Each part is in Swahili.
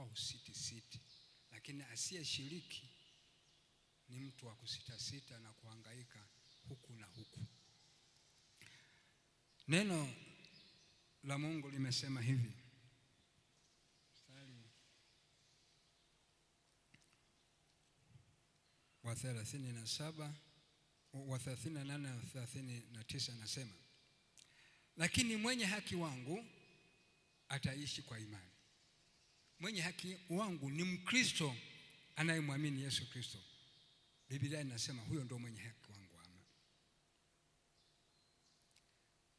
anakuwa usitisiti, lakini asiyeshiriki ni mtu wa kusitasita na kuhangaika huku na huku. Neno la Mungu limesema hivi mstari wa 37 wa 38 na 39, anasema lakini mwenye haki wangu ataishi kwa imani mwenye haki wangu ni Mkristo anayemwamini Yesu Kristo. Biblia inasema huyo ndio mwenye haki wangu ama.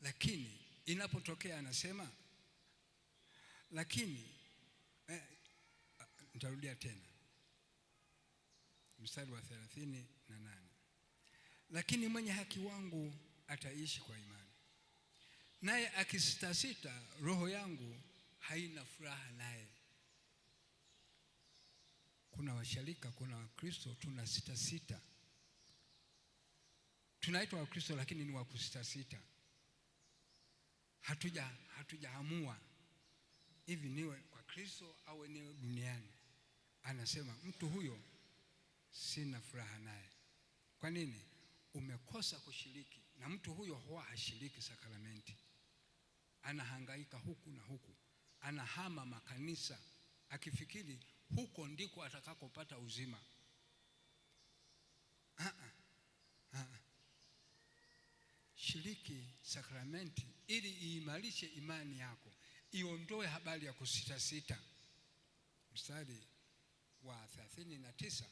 Lakini inapotokea anasema lakini eh, nitarudia tena mstari wa thelathini na nane lakini mwenye haki wangu ataishi kwa imani, naye akisitasita, roho yangu haina furaha naye kuna washarika, kuna Wakristo tuna sita sita, tunaitwa Wakristo lakini ni wakusitasita sita. Hatuja hatujaamua hivi niwe kwa Kristo au niwe duniani. Anasema mtu huyo sina furaha naye. Kwa nini? Umekosa kushiriki, na mtu huyo huwa hashiriki sakramenti, anahangaika huku na huku, anahama makanisa akifikiri huko ndiko atakakopata uzima. Ah, ah, ah, Shiriki sakramenti ili iimarishe imani yako, iondoe habari ya kusitasita. Mstari wa thelathini na tisa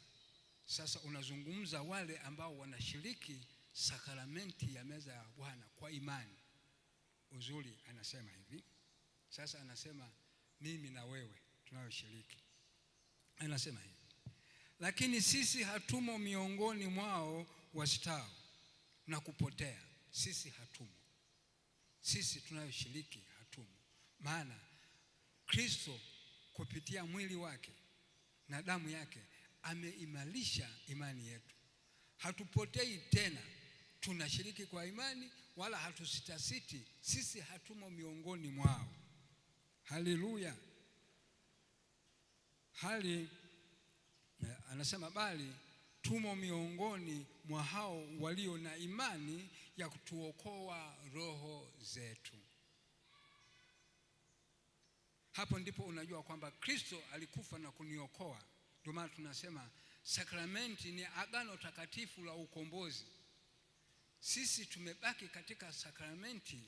sasa unazungumza wale ambao wanashiriki sakramenti ya meza ya Bwana kwa imani. Uzuri anasema hivi sasa, anasema mimi na wewe tunayoshiriki Anasema hivi, lakini sisi hatumo miongoni mwao wastao na kupotea. Sisi hatumo, sisi tunayoshiriki hatumo, maana Kristo kupitia mwili wake na damu yake ameimarisha imani yetu. Hatupotei tena, tunashiriki kwa imani, wala hatusitasiti. Sisi hatumo miongoni mwao. Haleluya! hali eh, anasema bali tumo miongoni mwa hao walio na imani ya kutuokoa roho zetu. Hapo ndipo unajua kwamba Kristo alikufa na kuniokoa. Ndio maana tunasema sakramenti ni agano takatifu la ukombozi. Sisi tumebaki katika sakramenti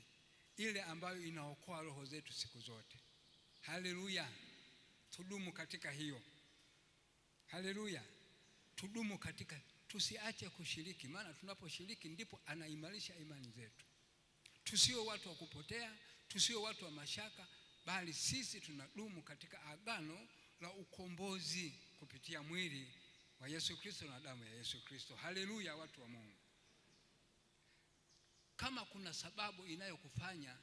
ile ambayo inaokoa roho zetu siku zote. Haleluya! tudumu katika hiyo. Haleluya, tudumu katika, tusiache kushiriki, maana tunaposhiriki ndipo anaimarisha imani zetu. Tusio watu wa kupotea, tusio watu wa mashaka, bali sisi tunadumu katika agano la ukombozi kupitia mwili wa Yesu Kristo na damu ya Yesu Kristo. Haleluya, watu wa Mungu. Kama kuna sababu inayokufanya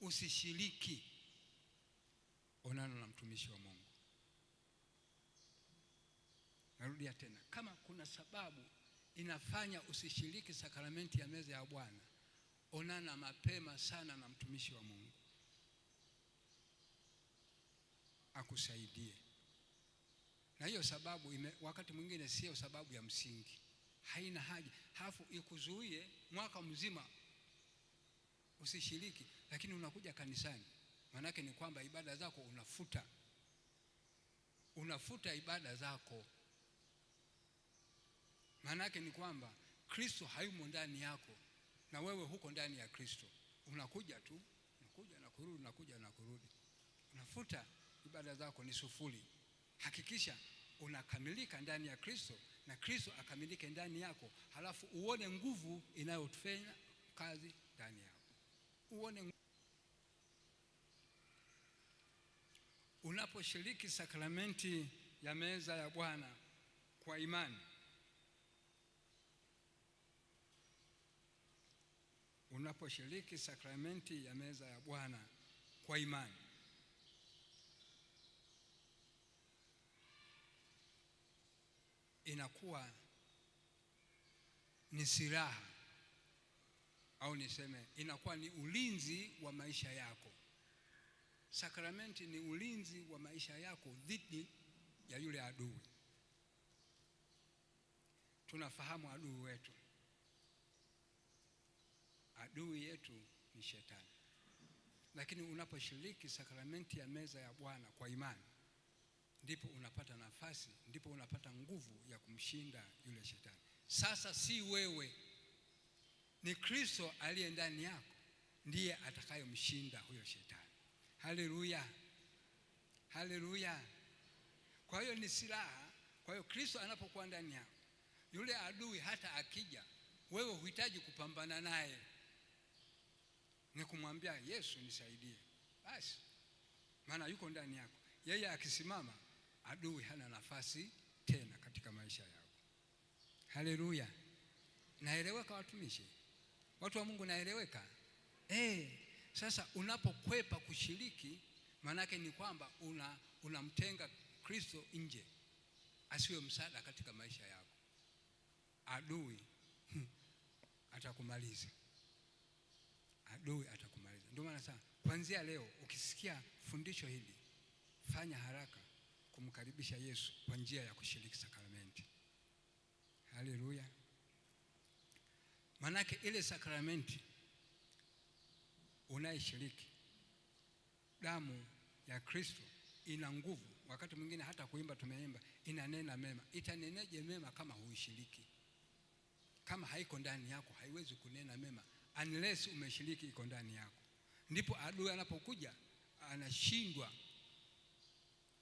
usishiriki onana na mtumishi wa Mungu. Narudia tena, kama kuna sababu inafanya usishiriki sakramenti ya meza ya Bwana, onana mapema sana na mtumishi wa Mungu akusaidie. Na hiyo sababu ime, wakati mwingine sio sababu ya msingi, haina haja, halafu ikuzuie mwaka mzima usishiriki, lakini unakuja kanisani Maanake ni kwamba ibada zako unafuta, unafuta ibada zako. Maanake ni kwamba Kristo hayumo ndani yako na wewe huko ndani ya Kristo. Unakuja tu unakuja na kurudi, unakuja na kurudi, unafuta ibada zako, ni sufuri. Hakikisha unakamilika ndani ya Kristo na Kristo akamilike ndani yako, halafu uone nguvu inayofanya kazi ndani yako, uone unaposhiriki sakramenti ya meza ya Bwana kwa imani, unaposhiriki sakramenti ya meza ya Bwana kwa imani, inakuwa ni silaha au niseme inakuwa ni ulinzi wa maisha yako. Sakramenti ni ulinzi wa maisha yako dhidi ya yule adui. Tunafahamu adui wetu, adui yetu ni Shetani, lakini unaposhiriki sakramenti ya meza ya Bwana kwa imani, ndipo unapata nafasi, ndipo unapata nguvu ya kumshinda yule Shetani. Sasa si wewe, ni Kristo aliye ndani yako ndiye atakayemshinda huyo Shetani. Haleluya, haleluya! Kwa hiyo ni silaha. Kwa hiyo Kristo anapokuwa ndani yako, yule adui hata akija, wewe huhitaji kupambana naye, ni kumwambia Yesu, nisaidie basi, maana yuko ndani yako. Yeye akisimama, adui hana nafasi tena katika maisha yako. Haleluya, naeleweka watumishi, watu wa Mungu, naeleweka eh? Sasa unapokwepa kushiriki, maanake ni kwamba unamtenga Kristo nje, asiwe msaada katika maisha yako. Adui hmm, atakumaliza, adui atakumaliza. Ndio maana sana, kuanzia leo ukisikia fundisho hili, fanya haraka kumkaribisha Yesu kwa njia ya kushiriki sakramenti. Haleluya! manake ile sakramenti unayeshiriki damu ya Kristo ina nguvu, wakati mwingine hata kuimba tumeimba, inanena mema. Itaneneje mema kama huishiriki? Kama haiko ndani yako haiwezi kunena mema, unless umeshiriki, iko ndani yako. Ndipo adui anapokuja anashindwa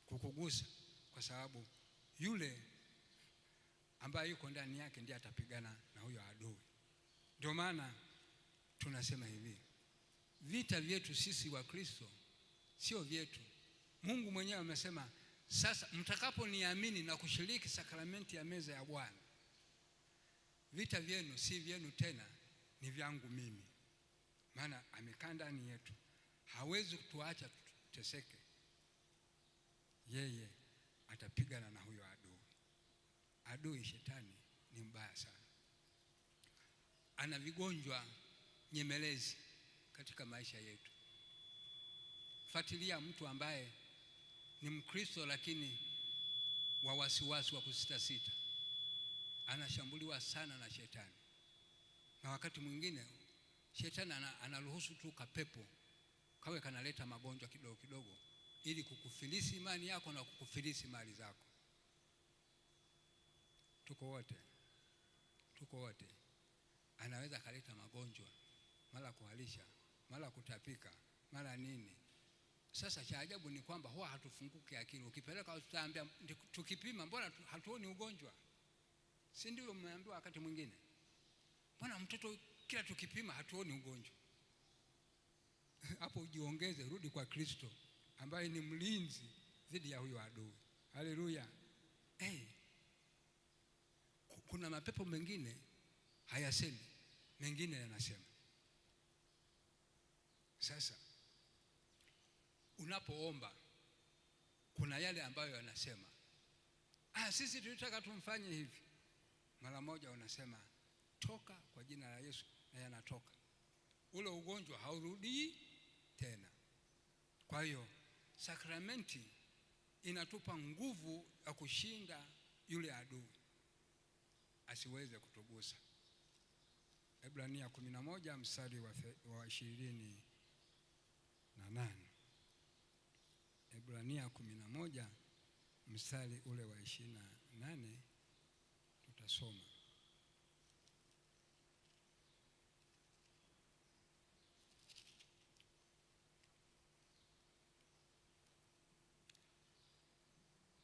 kukugusa, kwa sababu yule ambaye yuko ndani yake ndiye atapigana na huyo adui. Ndio maana tunasema hivi vita vyetu sisi wa Kristo sio vyetu. Mungu mwenyewe amesema, sasa mtakaponiamini na kushiriki sakramenti ya meza ya Bwana, vita vyenu si vyenu tena, ni vyangu mimi, maana amekaa ndani yetu, hawezi kutuacha tuteseke. Yeye atapigana na huyo adui. Adui shetani ni mbaya sana, ana vigonjwa nyemelezi katika maisha yetu. Fuatilia mtu ambaye ni Mkristo lakini wa wasiwasi wa kusitasita, anashambuliwa sana na shetani, na wakati mwingine shetani anaruhusu tu kapepo kawe kanaleta magonjwa kidogo kidogo, ili kukufilisi imani yako na kukufilisi mali zako. Tuko wote, tuko wote, anaweza akaleta magonjwa mara kuhalisha mara kutapika, mara nini. Sasa cha ajabu ni kwamba huwa hatufunguki akili. Ukipeleka tutaambia tukipima, mbona hatuoni ugonjwa? Si ndio mmeambiwa wakati mwingine, mbona mtoto kila tukipima hatuoni ugonjwa? Hapo ujiongeze, rudi kwa Kristo ambaye ni mlinzi dhidi ya huyo adui. Haleluya! Hey, kuna mapepo mengine hayasemi, mengine yanasema. Sasa unapoomba kuna yale ambayo yanasema ah, sisi tulitaka tumfanye hivi. Mara moja unasema toka kwa jina la Yesu, na yanatoka. Ule ugonjwa haurudii tena. Kwa hiyo sakramenti inatupa nguvu ya kushinda yule adui asiweze kutugusa. Ebrania 11 mstari wa ishirini na nane Ebrania kumi na moja mstari ule wa ishirini na nane tutasoma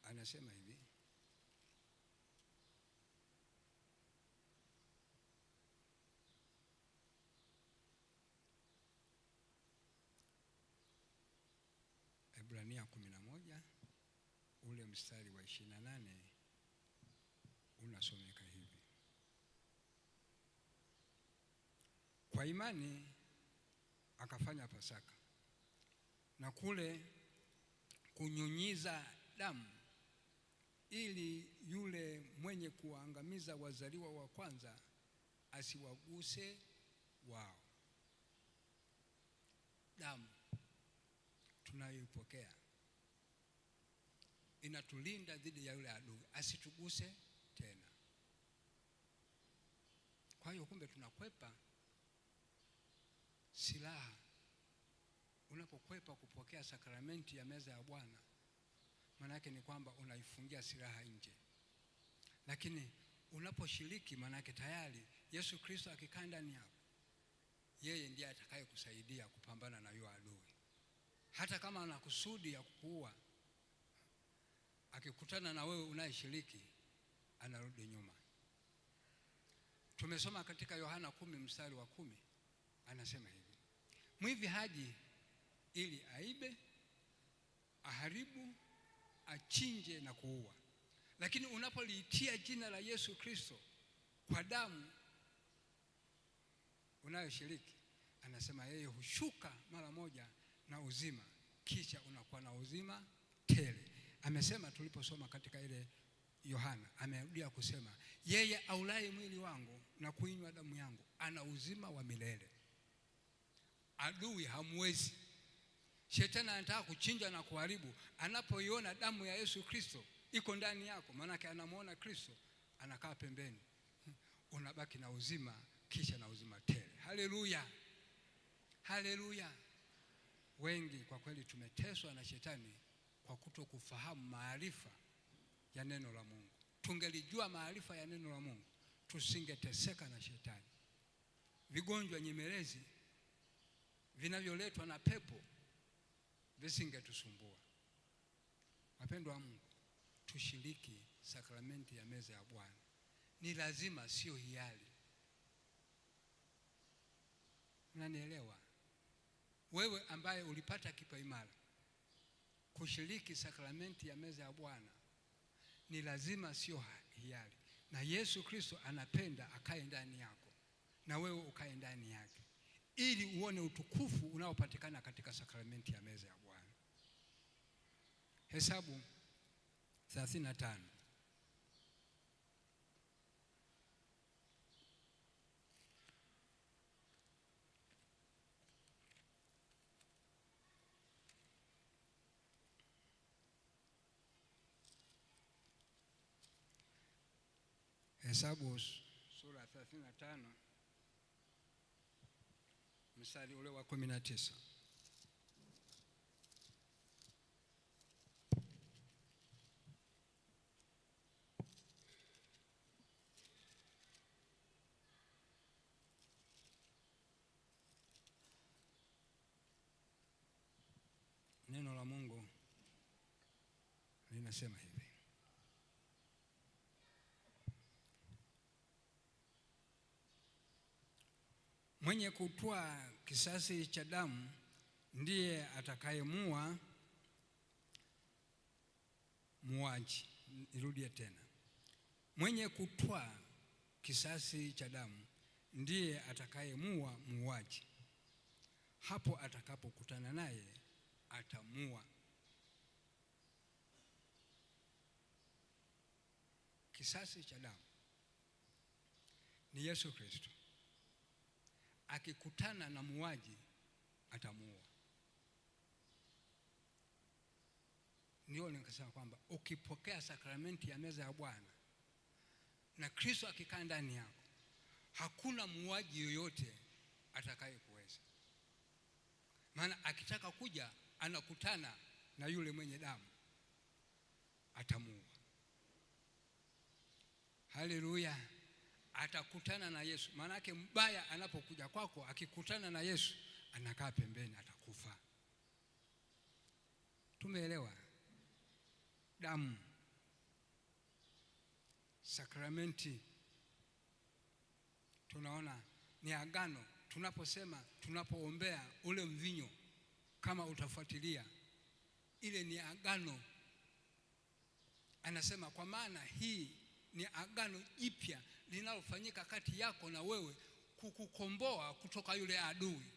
anasema hivi Waebrania 11 moja ule mstari wa 28 unasomeka hivi: kwa imani akafanya Pasaka na kule kunyunyiza damu, ili yule mwenye kuwaangamiza wazaliwa wa kwanza asiwaguse wao. Damu aliyoipokea inatulinda dhidi ya yule adui asituguse tena. Kwa hiyo kumbe, tunakwepa silaha. Unapokwepa kupokea sakramenti ya meza ya Bwana, maana yake ni kwamba unaifungia silaha nje, lakini unaposhiriki, maana yake tayari Yesu Kristo akikaa ndani yako, yeye ndiye atakayekusaidia kupambana na yule adui hata kama ana kusudi ya kukuua, akikutana na wewe unayeshiriki anarudi nyuma. Tumesoma katika Yohana kumi mstari wa kumi anasema hivi, mwivi haji ili aibe, aharibu, achinje na kuua, lakini unapoliitia jina la Yesu Kristo kwa damu unayoshiriki, anasema yeye hushuka mara moja na uzima, kisha unakuwa na uzima tele. Amesema tuliposoma katika ile Yohana, amerudia kusema yeye aulai mwili wangu na kuinywa damu yangu ana uzima wa milele. Adui hamwezi. Shetani anataka kuchinja na kuharibu. Anapoiona damu ya Yesu Kristo iko ndani yako, maanake anamwona Kristo, anakaa pembeni, unabaki na uzima, kisha na uzima tele. Haleluya, haleluya wengi kwa kweli tumeteswa na shetani kwa kuto kufahamu maarifa ya neno la Mungu. Tungelijua maarifa ya neno la Mungu, tusingeteseka na shetani. Vigonjwa nyemelezi vinavyoletwa na pepo visingetusumbua. Wapendwa wa Mungu, tushiriki sakramenti ya meza ya Bwana. Ni lazima, sio hiari. Mnanielewa? wewe ambaye ulipata kipaimara kushiriki sakramenti ya meza ya Bwana ni lazima, sio hiari, na Yesu Kristo anapenda akae ndani yako na wewe ukae ndani yake, ili uone utukufu unaopatikana katika sakramenti ya meza ya Bwana. Hesabu 35. Hesabu sura ya 35 mstari ule wa 19. Neno la Mungu linasema hivi Mwenye kutoa kisasi cha damu ndiye atakayemua muaji. Nirudie tena, mwenye kutoa kisasi cha damu ndiye atakayemua muuaji. Hapo atakapokutana naye atamua. Kisasi cha damu ni Yesu Kristo akikutana na muuaji atamuua. Ndio nikasema kwamba ukipokea sakramenti ya meza ya Bwana na Kristo akikaa ndani yako, hakuna muuaji yoyote atakaye kuweza. Maana akitaka kuja anakutana na yule mwenye damu, atamuua. Haleluya! atakutana na Yesu. maana yake mbaya anapokuja kwako, akikutana na Yesu anakaa pembeni, atakufa. Tumeelewa? Damu, sakramenti, tunaona ni agano. Tunaposema, tunapoombea ule mvinyo, kama utafuatilia, ile ni agano. Anasema kwa maana hii ni agano jipya linalofanyika kati yako na wewe kukukomboa kutoka yule adui.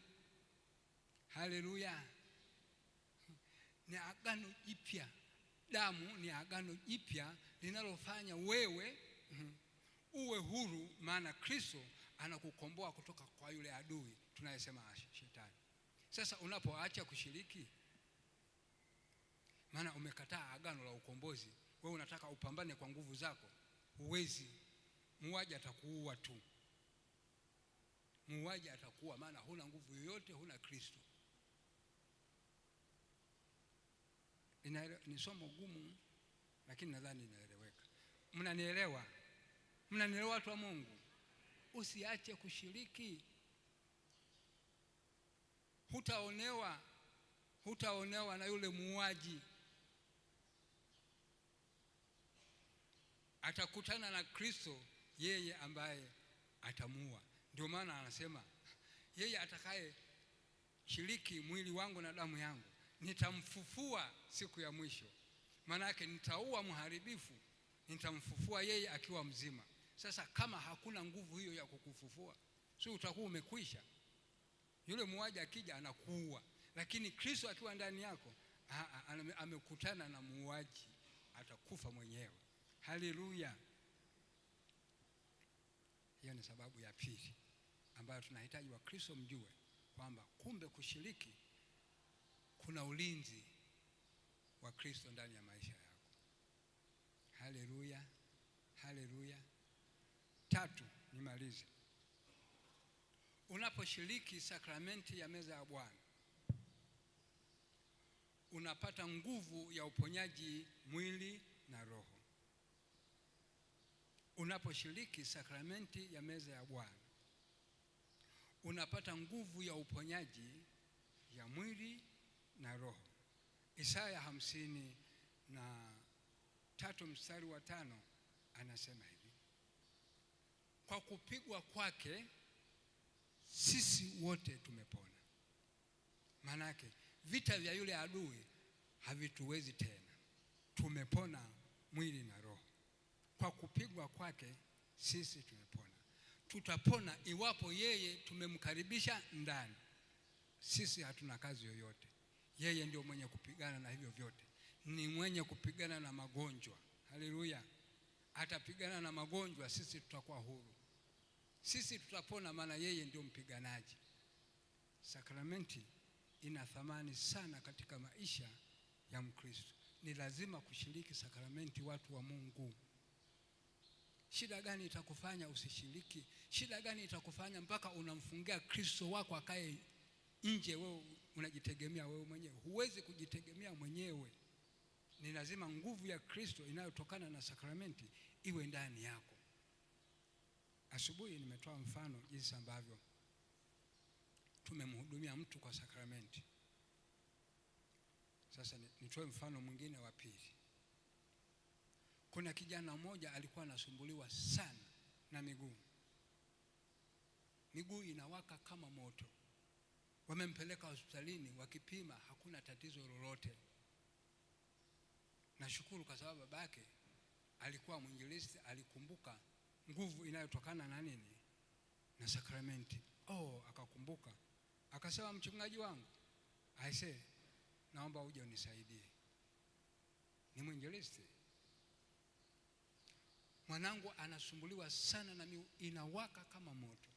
Haleluya! Ni agano jipya, damu ni agano jipya linalofanya wewe mhm, uwe huru, maana Kristo anakukomboa kutoka kwa yule adui tunayesema shetani. Sasa unapoacha kushiriki, maana umekataa agano la ukombozi, wewe unataka upambane kwa nguvu zako, huwezi muuaji atakuua tu, muuaji atakuua, maana huna nguvu yoyote, huna Kristo. Ni somo gumu, lakini nadhani inaeleweka. Mnanielewa? Mnanielewa watu wa Mungu? Usiache kushiriki, hutaonewa, hutaonewa na yule muuaji. Atakutana na Kristo yeye ambaye atamua. Ndio maana anasema yeye atakaye shiriki mwili wangu na damu yangu nitamfufua siku ya mwisho. Maana yake nitaua mharibifu, nitamfufua yeye akiwa mzima. Sasa kama hakuna nguvu hiyo ya kukufufua, si utakuwa umekwisha? Yule muuaji akija anakuua, lakini Kristo akiwa ndani yako ha, ha, amekutana na muuaji, atakufa mwenyewe. Haleluya! ni sababu ya pili ambayo tunahitaji Wakristo mjue kwamba kumbe kushiriki kuna ulinzi wa Kristo ndani ya maisha yako. Haleluya, haleluya. Tatu, nimalize. Unaposhiriki sakramenti ya meza ya Bwana unapata nguvu ya uponyaji mwili na roho unaposhiriki sakramenti ya meza ya Bwana unapata nguvu ya uponyaji ya mwili na roho. Isaya hamsini na tatu mstari wa tano anasema hivi, kwa kupigwa kwake sisi wote tumepona. Maana yake vita vya yule adui havituwezi tena, tumepona mwili na roho kwa kupigwa kwake sisi tumepona. Tutapona iwapo yeye tumemkaribisha ndani. Sisi hatuna kazi yoyote, yeye ndio mwenye kupigana na hivyo vyote, ni mwenye kupigana na magonjwa. Haleluya! Atapigana na magonjwa, sisi tutakuwa huru, sisi tutapona, maana yeye ndio mpiganaji. Sakramenti ina thamani sana katika maisha ya Mkristo. Ni lazima kushiriki sakramenti, watu wa Mungu. Shida gani itakufanya usishiriki? Shida gani itakufanya mpaka unamfungia Kristo wako akae nje, wewe unajitegemea wewe mwenyewe? Huwezi kujitegemea mwenyewe. Ni lazima nguvu ya Kristo inayotokana na sakramenti iwe ndani yako. Asubuhi nimetoa mfano jinsi ambavyo tumemhudumia mtu kwa sakramenti. Sasa nitoe mfano mwingine wa pili kuna kijana mmoja alikuwa anasumbuliwa sana na miguu, miguu inawaka kama moto. Wamempeleka hospitalini, wakipima hakuna tatizo lolote. Nashukuru kwa sababu babake alikuwa mwinjilisti, alikumbuka nguvu inayotokana na nini na sakramenti. Oh, akakumbuka akasema, mchungaji wangu aise, naomba uje unisaidie, ni mwinjilisti mwanangu anasumbuliwa sana na miu inawaka kama moto.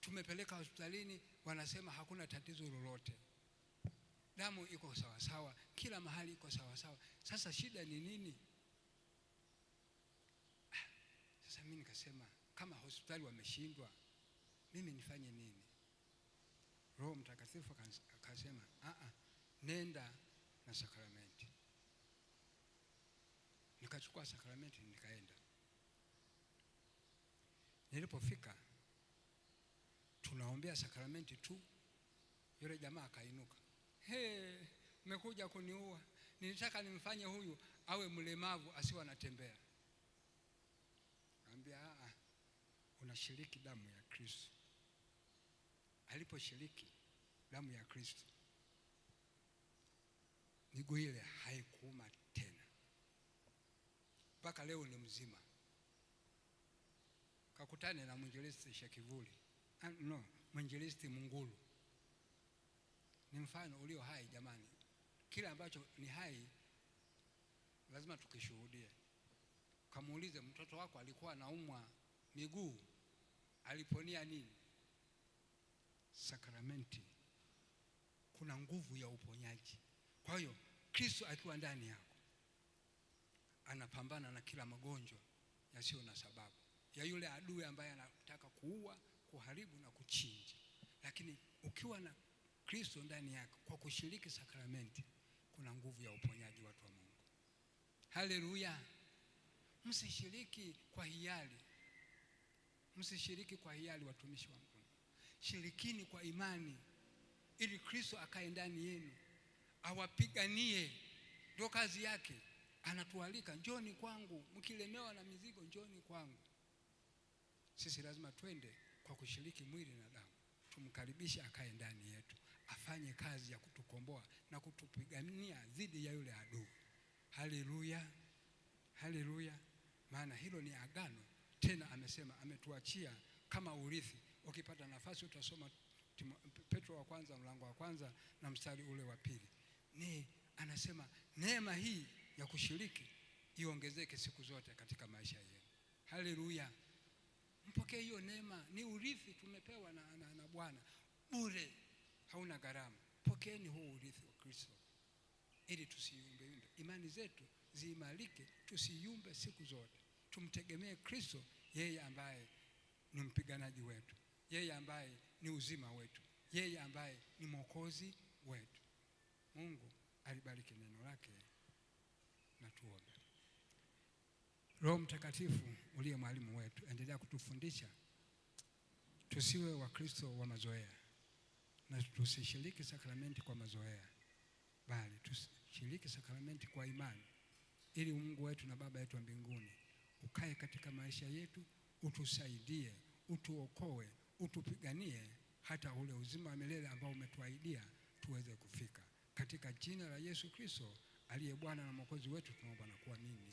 Tumepeleka hospitalini, wanasema hakuna tatizo lolote, damu iko sawasawa, kila mahali iko sawasawa. Sasa shida ni nini? Ah, sasa mimi nikasema kama hospitali wameshindwa, mimi nifanye nini? Roho Mtakatifu akasema a ah, a, ah, nenda na sakramenti nikachukua sakramenti nikaenda. Nilipofika tunaombea sakramenti tu, yule jamaa akainuka, he, mmekuja kuniua! Nilitaka nimfanye huyu awe mlemavu asiwe anatembea. Naambia a, ah, ah, unashiriki damu ya Kristo. Aliposhiriki damu ya Kristo, miguu ile haikuuma mpaka leo ni mzima. Kakutane na mwinjilisti Shakivuli ah, no, mwinjilisti Mungulu ni mfano ulio hai jamani. Kile ambacho ni hai lazima tukishuhudie. Kamuulize mtoto wako alikuwa anaumwa miguu, aliponia nini? Sakramenti. Kuna nguvu ya uponyaji. Kwa hiyo Kristo akiwa ndani yao anapambana na kila magonjwa yasiyo na sababu ya yule adui ambaye anataka kuua, kuharibu na kuchinja. Lakini ukiwa na Kristo ndani yako kwa kushiriki sakramenti, kuna nguvu ya uponyaji, watu wa Mungu. Haleluya! Msishiriki kwa hiari, msishiriki kwa hiari, watumishi wa Mungu, shirikini kwa imani, ili Kristo akae ndani yenu, awapiganie. Ndio kazi yake anatualika njoni kwangu, mkilemewa na mizigo njoni kwangu. Sisi lazima twende kwa kushiriki mwili na damu, tumkaribishe akae ndani yetu, afanye kazi ya kutukomboa na kutupigania dhidi ya yule adui. Haleluya, haleluya! Maana hilo ni agano tena, amesema ametuachia kama urithi. Ukipata nafasi utasoma Petro wa kwanza mlango wa kwanza na mstari ule wa pili. Ni anasema neema hii ya kushiriki iongezeke siku zote katika maisha yenu. Haleluya, mpokee hiyo neema, ni urithi tumepewa na, na, na Bwana bure, hauna gharama. Pokeeni huo urithi wa Kristo ili tusiyumbeyumbe, imani zetu ziimarike, tusiyumbe siku zote, tumtegemee Kristo, yeye ambaye ni mpiganaji wetu, yeye ambaye ni uzima wetu, yeye ambaye ni mwokozi wetu. Mungu alibariki neno lake na tuombe. Roho Mtakatifu uliye mwalimu wetu, endelea kutufundisha tusiwe Wakristo wa mazoea na tusishiriki sakramenti kwa mazoea, bali tushiriki sakramenti kwa imani, ili Mungu wetu na Baba yetu wa mbinguni ukae katika maisha yetu, utusaidie, utuokoe, utupiganie hata ule uzima wa milele ambao umetuahidia tuweze kufika, katika jina la Yesu Kristo aliye Bwana na Mwokozi wetu tunaomba na kuamini.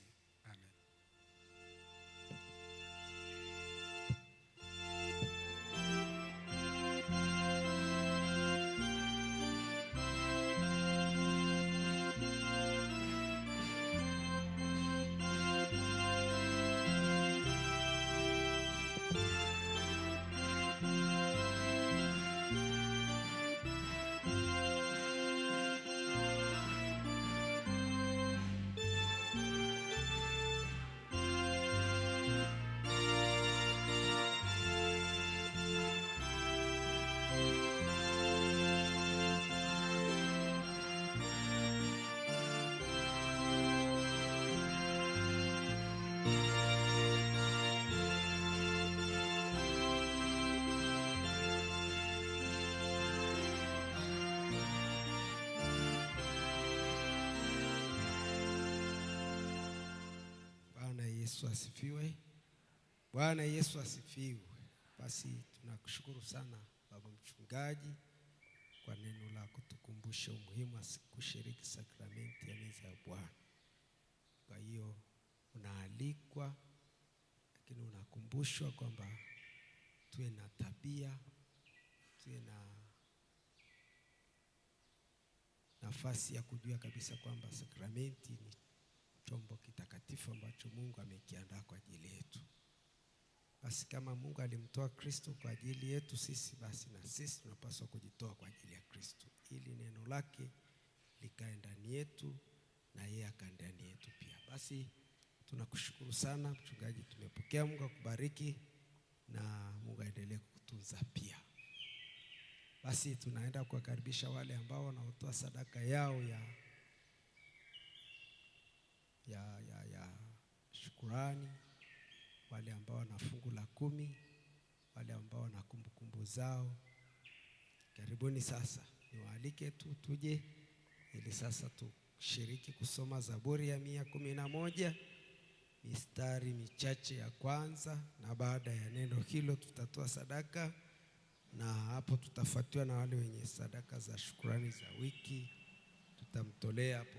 Yesu asifiwe. Bwana Yesu asifiwe. Basi tunakushukuru sana baba mchungaji kwa neno la kutukumbusha umuhimu wa kushiriki sakramenti ya meza ya Bwana. Kwa hiyo unaalikwa, lakini unakumbushwa kwamba tuwe na tabia, tuwe na nafasi ya kujua kabisa kwamba sakramenti ni chombo kitakatifu ambacho Mungu amekiandaa kwa ajili yetu. Basi kama Mungu alimtoa Kristo kwa ajili yetu sisi, basi na sisi tunapaswa kujitoa kwa ajili ya Kristo, ili neno lake likae ndani yetu na yeye akae ndani yetu pia. Basi tunakushukuru sana mchungaji, tumepokea. Mungu akubariki na Mungu aendelee kukutunza pia. Basi tunaenda kuwakaribisha wale ambao wanaotoa sadaka yao ya ya, ya, ya shukurani, wale ambao wana fungu la kumi, wale ambao wana kumbukumbu zao, karibuni sasa. Niwaalike tu tuje ili sasa tushiriki kusoma Zaburi ya mia kumi na moja mistari michache ya kwanza, na baada ya neno hilo tutatoa sadaka na hapo tutafuatiwa na wale wenye sadaka za shukurani za wiki tutamtolea hapo.